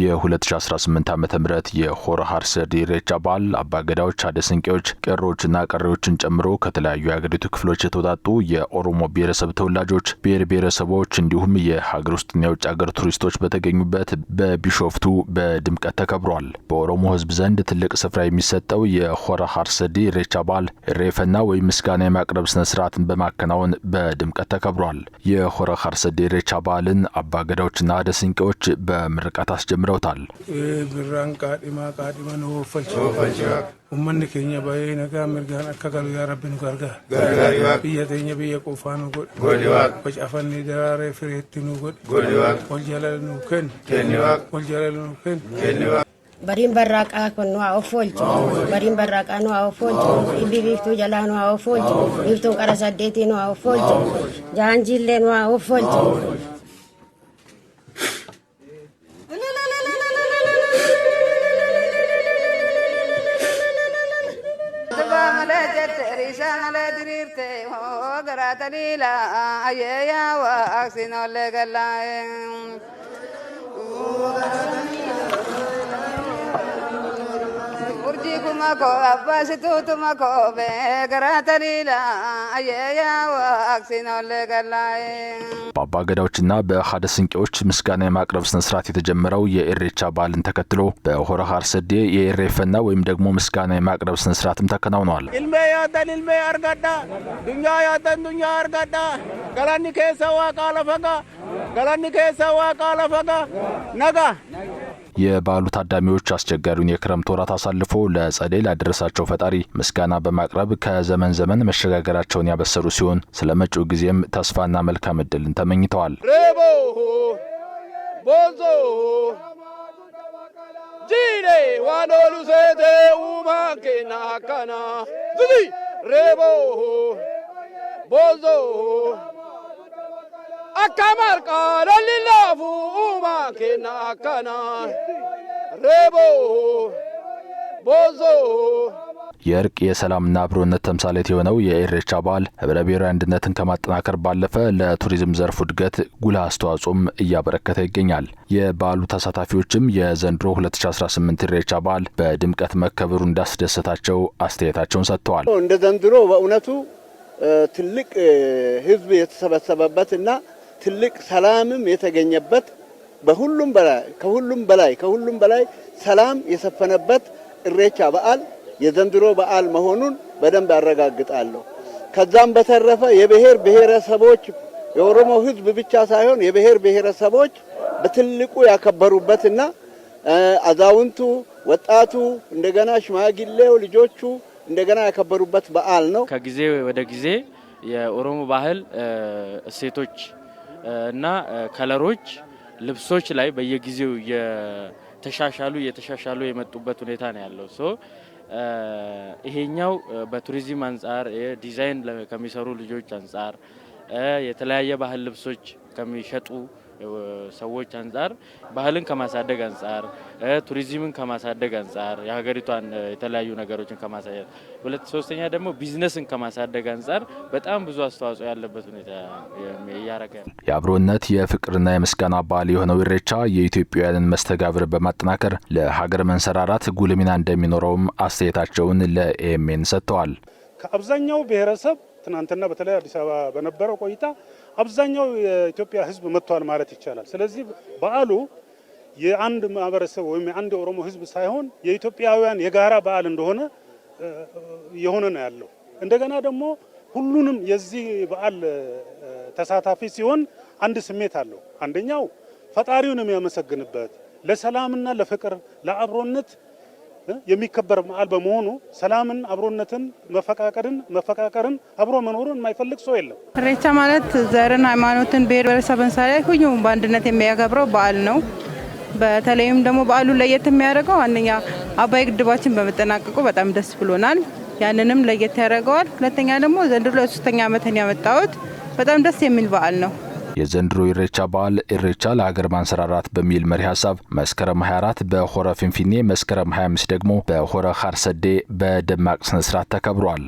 የ2018 ዓ ም የሆረ ሐርሰዲ ኢሬቻ በዓል አባገዳዎች፣ አደስንቄዎች፣ ቀሮዎችና ቀሬዎችን ጨምሮ ከተለያዩ የአገሪቱ ክፍሎች የተውጣጡ የኦሮሞ ብሔረሰብ ተወላጆች፣ ብሔር ብሔረሰቦች እንዲሁም የሀገር ውስጥና የውጭ ሀገር ቱሪስቶች በተገኙበት በቢሾፍቱ በድምቀት ተከብሯል። በኦሮሞ ህዝብ ዘንድ ትልቅ ስፍራ የሚሰጠው የሆረ ሐርሰዲ ኢሬቻ በዓል ሬፈና ወይም ምስጋና የማቅረብ ስነ ስርዓትን በማከናወን በድምቀት ተከብሯል። የሆረ ሐርሰዲ ኢሬቻ በዓልን አባገዳዎችና አደስንቄዎች በምርቃት አስጀምረ ጀምረውታል። uummanni keenya baay'ee nagaa mirgaan akka galu yaa rabbi nu gargaara biyya teenya biyya quufaa nu godhi facafannii daraaree fireetti nu godhi wal jalala nu kenni wal jalala nu kenni bariin barraaqaa kun nu haa of oolchu bariin barraaqaa nu haa of oolchu dhibbi biiftuu jalaa nu haa of oolchu biiftuun qara saddeetii nu haa of oolchu jaanjiillee nu haa of oolchu شامل دريرتي وقرات ليلا أيا وأكسين kumako abbasitu tumako be garatalila አየያወ አክሲኖሌ ገላይ በአባ ገዳዎችና በሀደ ስንቄዎች ምስጋና የማቅረብ ስነስርዓት የተጀመረው የኢሬቻ በዓልን ተከትሎ በሆረ ሀርሰዴ የኢሬፈና ወይም ደግሞ ምስጋና የማቅረብ ስነስርዓትም ስርዓትም ተከናውኗል። ኢልሜ ያተን ኢልሜ አርጋዳ ዱኛ ያተን ዱኛ አርጋዳ ገላኒ ከሰዋ ቃለፈጋ ገላኒ ከሰዋ ቃለፈጋ ነጋ የበዓሉ ታዳሚዎች አስቸጋሪውን የክረምት ወራት አሳልፎ ለጸደይ ላደረሳቸው ፈጣሪ ምስጋና በማቅረብ ከዘመን ዘመን መሸጋገራቸውን ያበሰሩ ሲሆን ስለ መጪው ጊዜም ተስፋና መልካም እድልን ተመኝተዋል። ሬቦ ቦዞ akkamaarqaa lollilafu uumaa kenna akkanaa reeboo የእርቅ የሰላምና አብሮነት ተምሳሌት የሆነው የኢሬቻ በዓል ህብረ ብሔራዊ አንድነትን ከማጠናከር ባለፈ ለቱሪዝም ዘርፍ እድገት ጉልህ አስተዋጽኦም እያበረከተ ይገኛል። የበዓሉ ተሳታፊዎችም የዘንድሮ 2018 ኢሬቻ በዓል በድምቀት መከበሩ እንዳስደሰታቸው አስተያየታቸውን ሰጥተዋል። እንደ ዘንድሮ በእውነቱ ትልቅ ህዝብ የተሰበሰበበትና ትልቅ ሰላምም የተገኘበት በሁሉም በላይ ከሁሉም በላይ ከሁሉም በላይ ሰላም የሰፈነበት እሬቻ በዓል የዘንድሮ በዓል መሆኑን በደንብ አረጋግጣለሁ። ከዛም በተረፈ የብሔር ብሔረሰቦች የኦሮሞ ሕዝብ ብቻ ሳይሆን የብሔር ብሔረሰቦች በትልቁ ያከበሩበትና አዛውንቱ፣ ወጣቱ፣ እንደገና ሽማግሌው፣ ልጆቹ እንደገና ያከበሩበት በዓል ነው። ከጊዜ ወደ ጊዜ የኦሮሞ ባህል እሴቶች እና ከለሮች ልብሶች ላይ በየጊዜው የተሻሻሉ እየተሻሻሉ የመጡበት ሁኔታ ነው ያለው። ሶ ይሄኛው በቱሪዝም አንጻር ዲዛይን ከሚሰሩ ልጆች አንጻር የተለያየ ባህል ልብሶች ከሚሸጡ ሰዎች አንጻር ባህልን ከማሳደግ አንጻር ቱሪዝምን ከማሳደግ አንጻር የሀገሪቷን የተለያዩ ነገሮችን ከማሳየት ሁለት ሶስተኛ ደግሞ ቢዝነስን ከማሳደግ አንጻር በጣም ብዙ አስተዋጽኦ ያለበት ሁኔታ እያረገ የአብሮነት የፍቅርና የምስጋና በዓል የሆነው ኢሬቻ የኢትዮጵያውያንን መስተጋብር በማጠናከር ለሀገር መንሰራራት ጉልሚና እንደሚኖረውም አስተያየታቸውን ለኤኤምኤን ሰጥተዋል። ከአብዛኛው ብሔረሰብ ትናንትና በተለይ አዲስ አበባ በነበረው ቆይታ አብዛኛው የኢትዮጵያ ሕዝብ መጥቷል ማለት ይቻላል። ስለዚህ በዓሉ የአንድ ማህበረሰብ ወይም የአንድ የኦሮሞ ሕዝብ ሳይሆን የኢትዮጵያውያን የጋራ በዓል እንደሆነ የሆነ ነው ያለው። እንደገና ደግሞ ሁሉንም የዚህ በዓል ተሳታፊ ሲሆን አንድ ስሜት አለው። አንደኛው ፈጣሪውን የሚያመሰግንበት ለሰላምና ለፍቅር ለአብሮነት የሚከበር በዓል በመሆኑ ሰላምን፣ አብሮነትን፣ መፈቃቀርን መፈቃቀርን አብሮ መኖሩን የማይፈልግ ሰው የለም። ሬቻ ማለት ዘርን፣ ሃይማኖትን፣ ብሔር ብሔረሰብን ሳላይ ሁሉም በአንድነት የሚያከብረው በዓል ነው። በተለይም ደግሞ በዓሉ ለየት የሚያደርገው አንደኛ አባይ ግድባችን በመጠናቀቁ በጣም ደስ ብሎናል። ያንንም ለየት ያደርገዋል። ሁለተኛ ደግሞ ዘንድሮ ለሶስተኛ ዓመትን ያመጣሁት በጣም ደስ የሚል በዓል ነው። የዘንድሮ ኢሬቻ በዓል ኢሬቻ ለሀገር ማንሰራራት በሚል መሪ ሀሳብ መስከረም 24 በሆረ ፊንፊኔ፣ መስከረም 25 ደግሞ በሆረ ሀርሰዴ በደማቅ ስነስርዓት ተከብሯል።